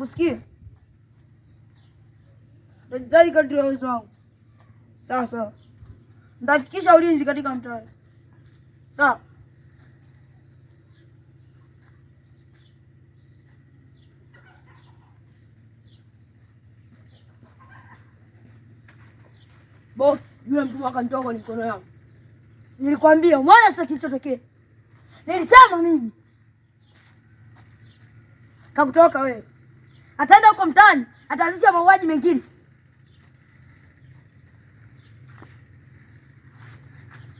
Usikie daktari kadri ya uwezo wangu. Sawa sawa, nitahakikisha ulinzi katika mtaa. Sawa. Boss, yule mtu akanitoa kwenye mikono yangu. Nilikwambia mwana sasa kilichotokea. Nilisema mimi. Kakutoka wewe ataenda huko mtaani, ataanzisha mauaji mengine.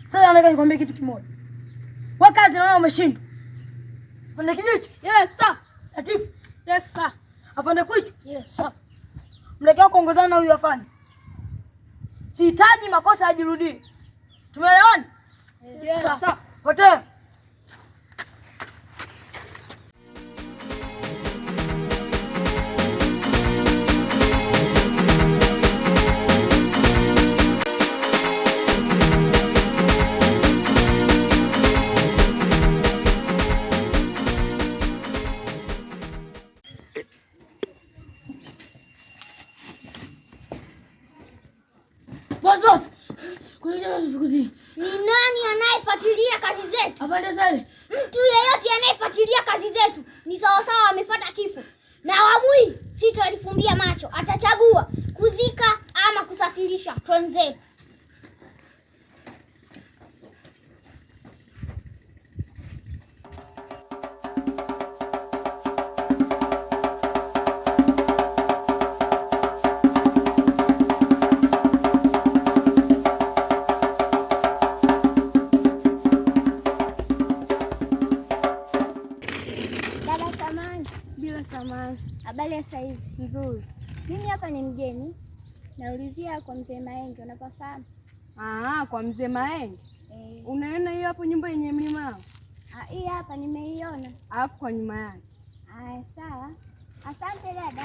Sasa nataka nikwambie kitu kimoja, kwa kazi naona umeshindwa. Afande Kijicho, yes sir. Atifu, yes sir. Afande Kwichu, yes sir. Mlekea kuongozana na huyu afande. Sihitaji makosa ajirudie. Tumeelewana? Yes sir. Potea. Angalia saizi nzuri. Mimi hapa ni mgeni, naulizia kwa mzee Maenge, unapafahamu? Ah, kwa mzee Maenge eh. Unaona hiyo hapo nyumba yenye mlima? Ah, hii hapa nimeiona, alafu kwa nyuma yake. Ah, sawa, asante dada.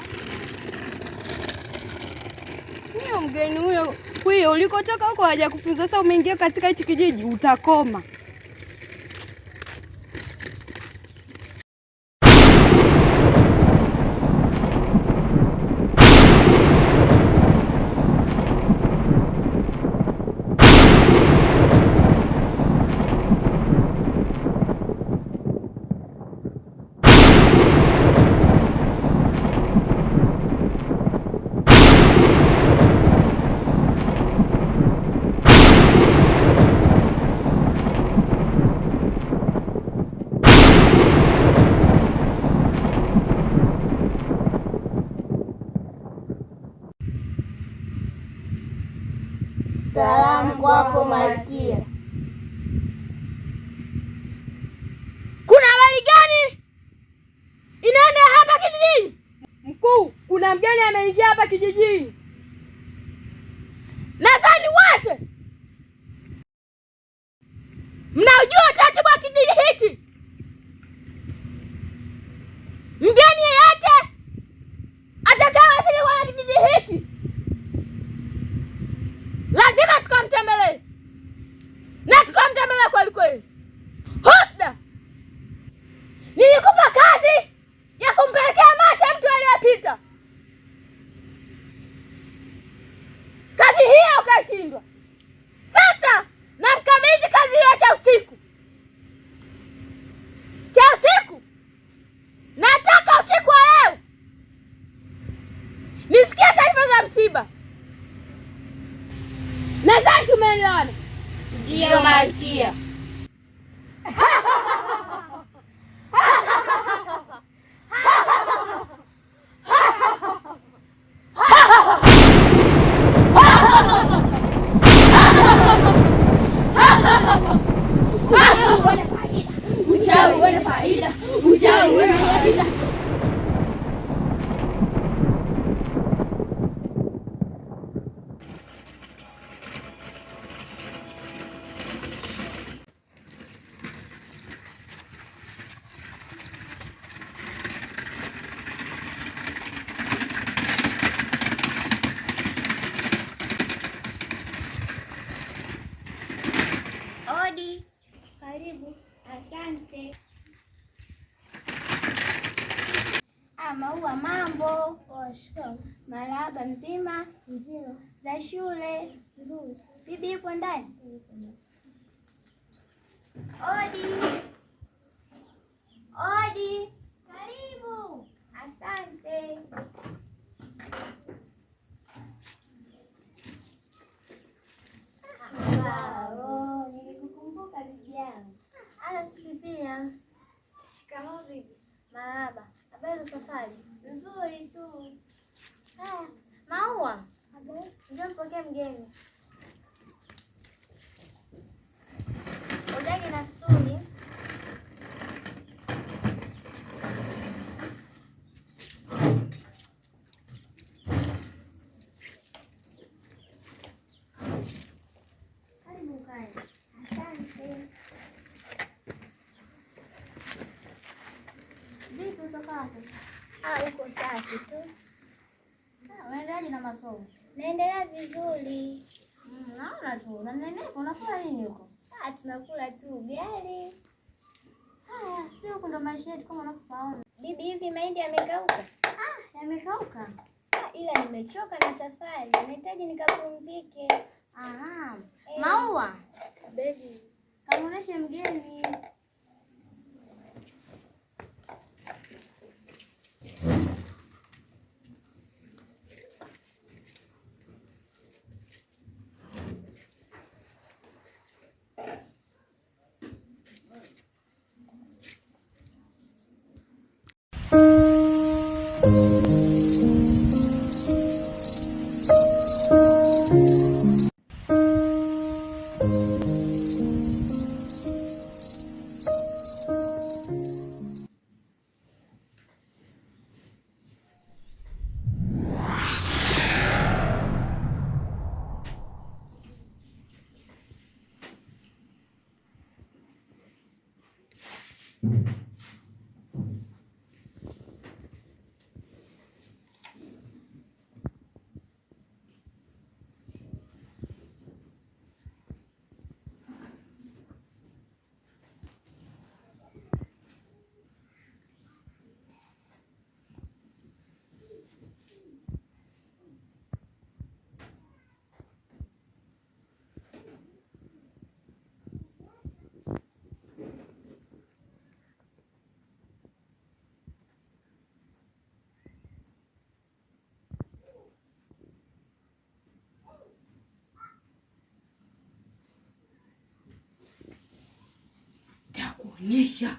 Huyo mgeni huyo, hiyo ulikotoka huko hajakufunza. Sasa umeingia katika hichi kijiji utakoma. Asante. Ah, maua mambo. maraba mzima? Mzima. Za shule? Nzuri. Bibi yupo ndani? Odi. Odi. Karibu. Asante. Pia Shikamoo bibi. Marahaba. Habari za safari? Nzuri tu. Haya, Maua. Habari. Njoo mpokee mgeni. Ujagi na stuli. Niko safi tu. Unaendeleaje ah, na masomo? Naendelea vizuri. Mm, naona tu na nanenepa. Unakula nini huko? Ah, tunakula tu ugali. Haya, sio huko ndo maisha yetu kama unavyofahamu. Bibi, hivi mahindi yamekauka? Ah, yamekauka. Ah, Ila nimechoka na safari, nahitaji nikapumzike. Aha. Hey. Maua. Eh, baby. Kamuoneshe mgeni. Thank you. 你也想。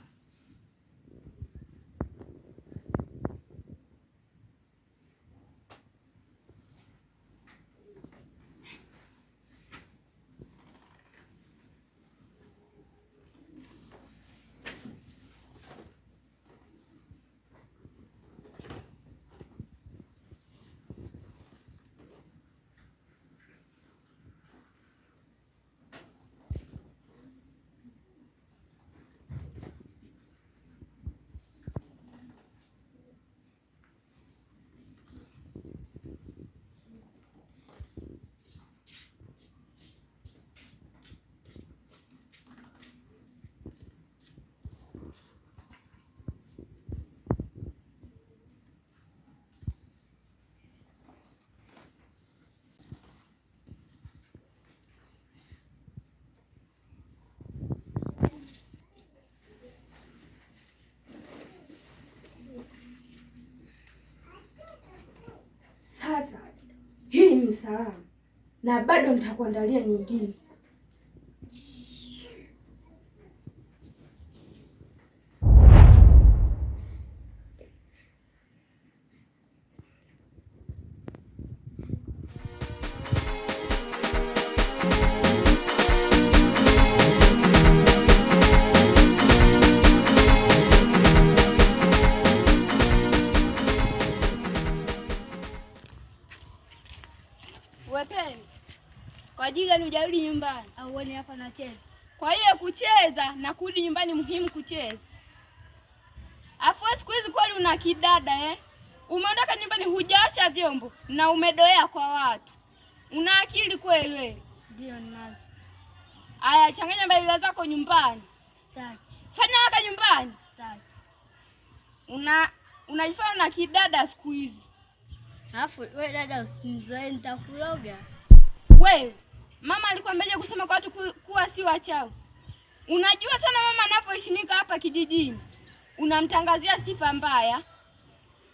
sana, na bado nitakuandalia nyingine. ni ujarudi nyumbani au uone hapa nacheza? Kwa hiyo kucheza na kurudi nyumbani muhimu kucheza. Afu siku hizi kweli una kidada eh? Umeondoka nyumbani hujaosha vyombo na umedoea kwa watu. Una akili kweli wewe? Ndio ninazo. Aya, changanya mbalila zako nyumbani. Sitaki. Fanya waka nyumbani. Sitaki. Una unajifanya na kidada siku hizi. Afu wewe dada, usinizoee nitakuloga. Wewe Mama alikwambiaje kusema kwa watu kuwa si wachawi? Unajua sana mama anapoishinika hapa kijijini, unamtangazia sifa mbaya.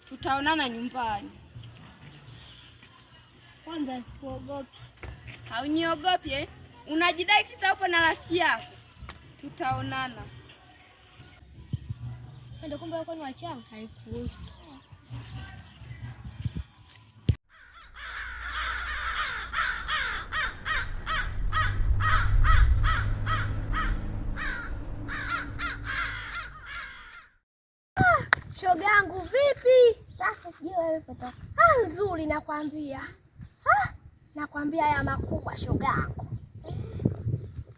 Tutaonana nyumbani kwanza, sikuogopi. Hauniogopi eh? Unajidai kisa upo na rafiki yako. Tutaonana ndio kumbe, uko ni wachawi. Haikuhusu. Shoga yangu vipi? Safi sijui wewe potoka. Ah, nzuri nakwambia. Ha? nakwambia ya makubwa shogangu.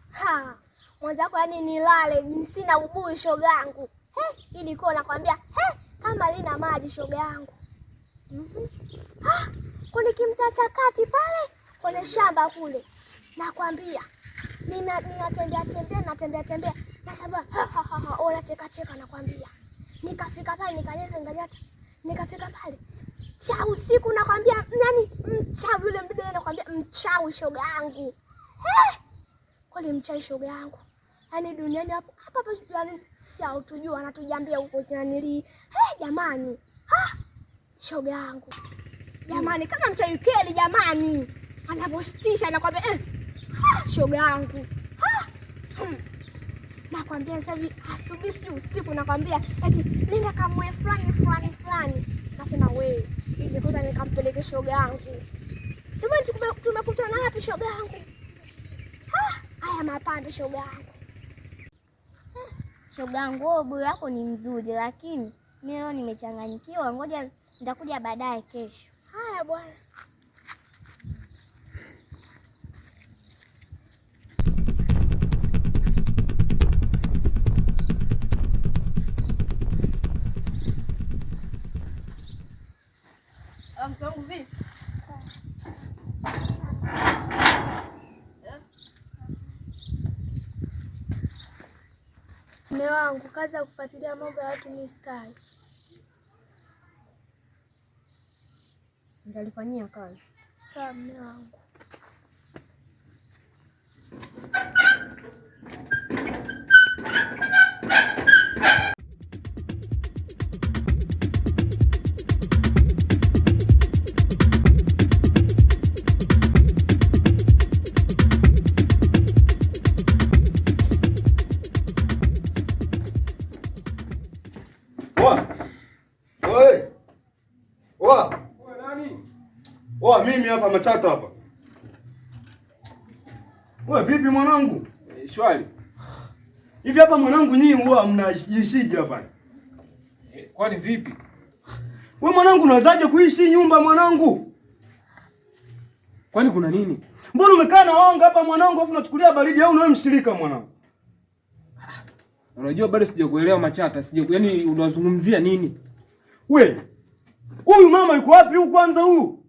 Ha, mwenzako yaani nilale sina ubui shogangu. He, ili kwa nakwambia, he, kama lina maji shogangu. Mhm. Ah, kimtacha kati pale kwenye shamba kule. Nakwambia. Nina ninatembea tembea natembea tembea. Nasema ha ha ha, ha. Ola cheka cheka nakwambia. Nikafika pale nikaleta ngajata. Nikafika pale. Cha usiku nakwambia nani mchawi yule mdada nakwambia mchawi shoga yangu. He! Kweli mchawi shoga yangu. yani duniani hapo hapa hapa yaani si autujua anatujambia huko chanili. He jamani. Ha! Shoga yangu. Jamani kama mchawi kweli jamani. anavostisha anakwambia eh. Shoga yangu. Ha! Hmm nakwambia sasa asubuhi si usiku, nakwambia eti nenda kamwe fulani fulani fulani. Nasema we, nilikuta nikampeleke shoga yangu. Jamani, tumekutana wapi shoga yangu? Haya mapande shoga yangu, shoga yangu, wewe yako ni mzuri, lakini mimi leo nimechanganyikiwa. Ngoja nitakuja baadaye kesho. Haya bwana. ya kufuatilia mambo ya watu mistari sitaki. Nitalifanyia kazi. Sawa, mume wangu. hapa machato hapa. Wewe vipi mwanangu? E, shwari. Hivi hapa mwanangu nyinyi huwa mnajishija hapa. E, kwani vipi? Wewe mwanangu unawezaje kuishi nyumba mwanangu? Kwani kuna nini? Mbona umekaa na wanga hapa mwanangu afu unachukulia baridi au wewe mshirika mwanangu? Unajua bado sijakuelewa Machata, sija yaani unazungumzia nini? We, huyu mama yuko wapi huyu kwanza huyu?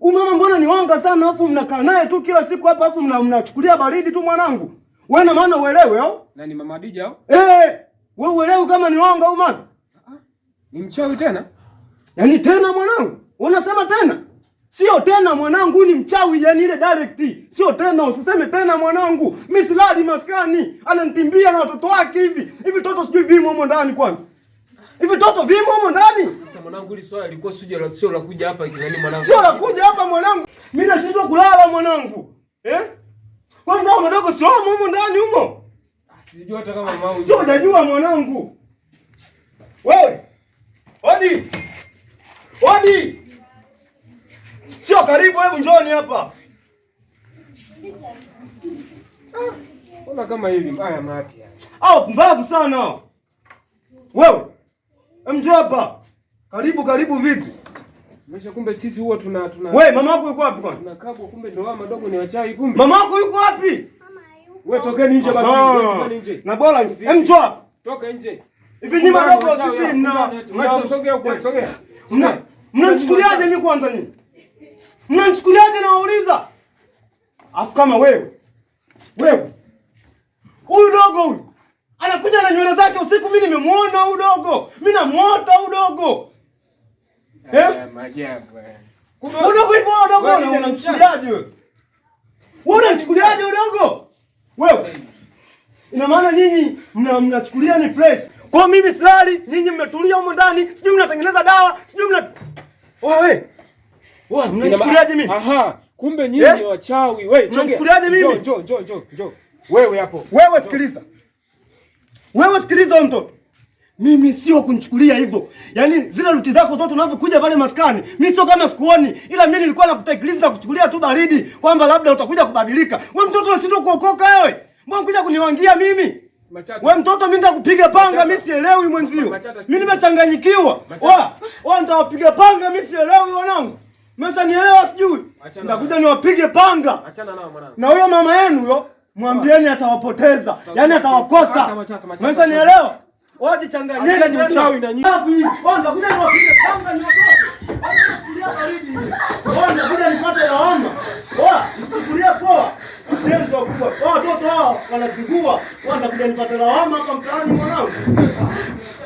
Huyu mama mbona ni wanga sana afu mnakaa naye tu kila siku hapa afu mnachukulia mna baridi tu mwanangu. Wewe na maana uelewe au? Oh? Na ni mama Adija au? Oh? Eh, wewe uelewe kama ni wanga au maza? Ah, ni mchawi tena? Yaani tena mwanangu. Unasema tena? Sio tena mwanangu, ni mchawi yani ile direct. Sio tena, usiseme tena mwanangu. Mimi silali maskani, ananitimbia na watoto wake hivi. Hivi toto sijui vimo humo ndani kwani. Hivi toto vimo humo ndani? mwanangu, hili swala lilikuwa sio la sio la kuja hapa kinani mwanangu. Sio la kuja hapa mwanangu. Mimi nashindwa kulala mwanangu. Eh? Kwanza hao madogo sio wao humo ndani humo. Ah, Sijui hata kama mama. Sio unajua mwanangu. Wewe. Odi. Odi. Sio karibu, hebu njoni hapa. Ah, ona kama hili haya mapya. Au pumbavu sana. Wewe. Mjua hapa. Karibu karibu, vipi? Mesha, kumbe sisi huwa tuna tuna Wewe mama yako yuko wapi kwani? Tunakabwa kumbe ndio mama dogo ni wachai kumbe. Mama yako yuko wapi? Mama yuko. Wewe tokeni nje basi, tokeni nje. Na bora hem toa. Toka nje. Hivi ni madogo sisi mna mnasogea huko, sogea. Mna mnanichukuliaje mimi kwanza nyinyi? Mnanichukuliaje na wauliza? Afu kama wewe. Wewe. Huyu dogo huyu. Anakuja na nywele zake usiku, mimi nimemuona huyu dogo. Mimi namuota huyu dogo. Eh? Eh, eh. Udogo hivyo udogo unamchukuliaje wewe? unamchukuliaje udogo? Wewe. Ina maana nyinyi mnachukulia ni place. Kwa mimi silali, nyinyi mmetulia huko ndani, sijui mnatengeneza dawa, sijui mna Wewe. Wewe mnachukuliaje mimi? Aha. Kumbe nyinyi ni wachawi. Wewe mnachukuliaje mimi? Njoo njoo njoo njoo. Wewe hapo. Wewe sikiliza. Wewe sikiliza mtoto. Mimi sio kunichukulia hivyo. Yaani zile ruti zako zote unavyokuja pale maskani, mimi sio kama sikuoni, ila mimi nilikuwa nakutekeleza na kuchukulia tu baridi kwamba labda utakuja kubadilika. Wewe mtoto si kuokoka wewe? Mbona unakuja kuniwangia mimi? Wewe mtoto mimi nitakupiga panga mimi sielewi mwenzio. Mimi nimechanganyikiwa. Wa, wewe nitawapiga panga mimi sielewi wanangu. Mesa nielewa sijui. Nitakuja niwapige panga. Achana nao mwanangu. Na huyo mama yenu huyo mwambieni atawapoteza. Yaani atawakosa. Mesa nielewa. Wajichanganyeni uchawi na nyavu. Unakuja niwapige panga nakuja nipate lawama. Mchukulia poa ushenzi wakubwa watoto hao wanazingua, wanakuja nipate lawama hapa mtaani mwanangu.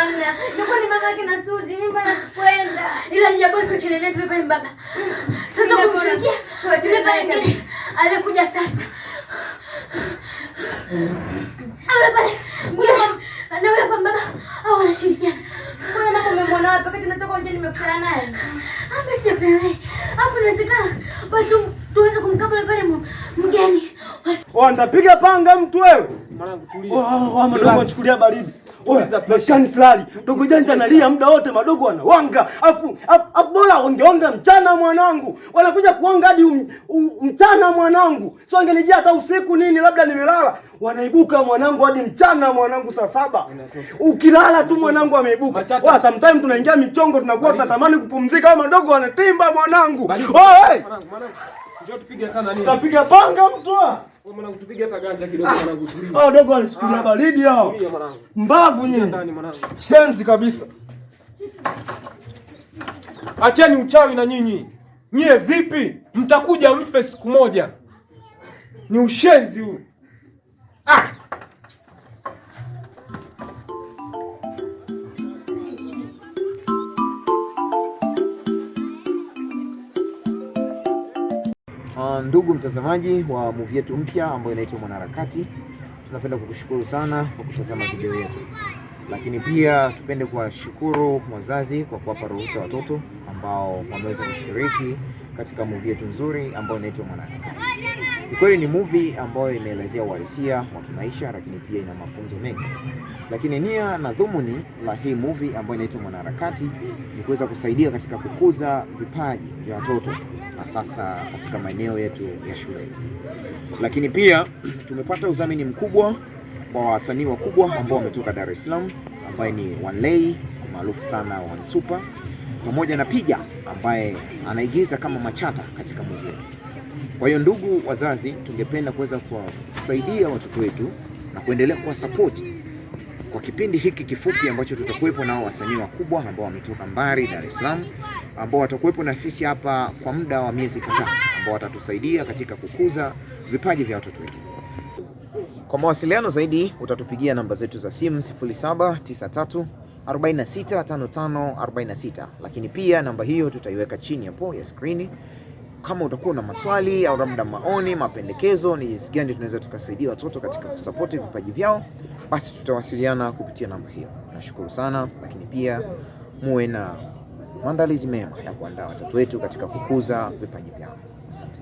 Hapana. Niko ni mama yake na Suzi. Mimi bwana sikwenda. Ila nijapo tuchelele tulipe ni baba. Tuzo kumshirikia. Tulipe ngine. Alikuja sasa. Awe pale. Mama na wewe kwa baba. Au wanashirikiana. Mbona mama umemwona wapi wakati natoka nje nimekutana naye? Hapa ah, sijakutana naye. Afu inawezekana bado tuweze kumkabili pale mgeni. Wanapiga panga mtu wewe. Mwanangu madogo achukulia baridi. maskani silali. Dogo janja analia muda wote madogo wanawanga. Afu afu bora wangeonga mchana mwanangu. Wanakuja kuonga hadi um, um, mchana mwanangu. So angenijia hata usiku nini labda nimelala. Wanaibuka mwanangu hadi mchana mwanangu saa saba. Ukilala tu mwanangu ameibuka. Wa sometimes tunaingia michongo tunakuwa tunatamani kupumzika kama madogo wanatimba mwanangu. Oye. Njoo tupige kanda nini? Tunapiga panga mtu. Mwanangu tupige hata ganja kidogo ah. mwanangu tulia. Ah, dogo alichukulia ah. baridi hao. Mbavu nyinyi. Ndani mwanangu. Shenzi kabisa. Acheni uchawi na nyinyi. Nyie vipi? Mtakuja mpe siku moja. Ni ushenzi huu. Ah! ndugu mtazamaji wa movie yetu mpya ambayo inaitwa Mwanaharakati, tunapenda kukushukuru sana kwa kutazama video yetu, lakini pia tupende kuwashukuru wazazi kwa kuwapa ruhusa watoto ambao wameweza kushiriki katika movie yetu nzuri ambayo inaitwa Mwanaharakati. Ni kweli ni movie ambayo inaelezea uhalisia wa kimaisha, lakini pia ina mafunzo mengi, lakini nia na dhumuni la hii movie ambayo inaitwa Mwanaharakati ni kuweza kusaidia katika kukuza vipaji vya watoto sasa katika maeneo yetu ya shule. Lakini pia tumepata udhamini mkubwa kwa wasanii wakubwa ambao wametoka Dar es Salaam, ambaye ni wanlei maarufu sana Wansupa, pamoja na Piga ambaye anaigiza kama Machata katika muziki. Kwa hiyo, ndugu wazazi, tungependa kuweza kuwasaidia watoto wetu na kuendelea kuwasapoti kwa kipindi hiki kifupi ambacho tutakuwepo nao wasanii wakubwa ambao wametoka mbali Dar es Salaam, ambao watakuwepo na sisi hapa kwa muda wa miezi kadhaa, ambao watatusaidia katika kukuza vipaji vya watoto wetu. Kwa mawasiliano zaidi utatupigia namba zetu za simu 0793 46 46, lakini pia namba hiyo tutaiweka chini hapo ya skrini kama utakuwa na maswali au labda maoni, mapendekezo ni jinsi gani tunaweza tukasaidia watoto katika kusapoti vipaji vyao, basi tutawasiliana kupitia namba hiyo. Nashukuru sana, lakini pia muwe na maandalizi mema ya kuandaa watoto wetu katika kukuza vipaji vyao. Asante.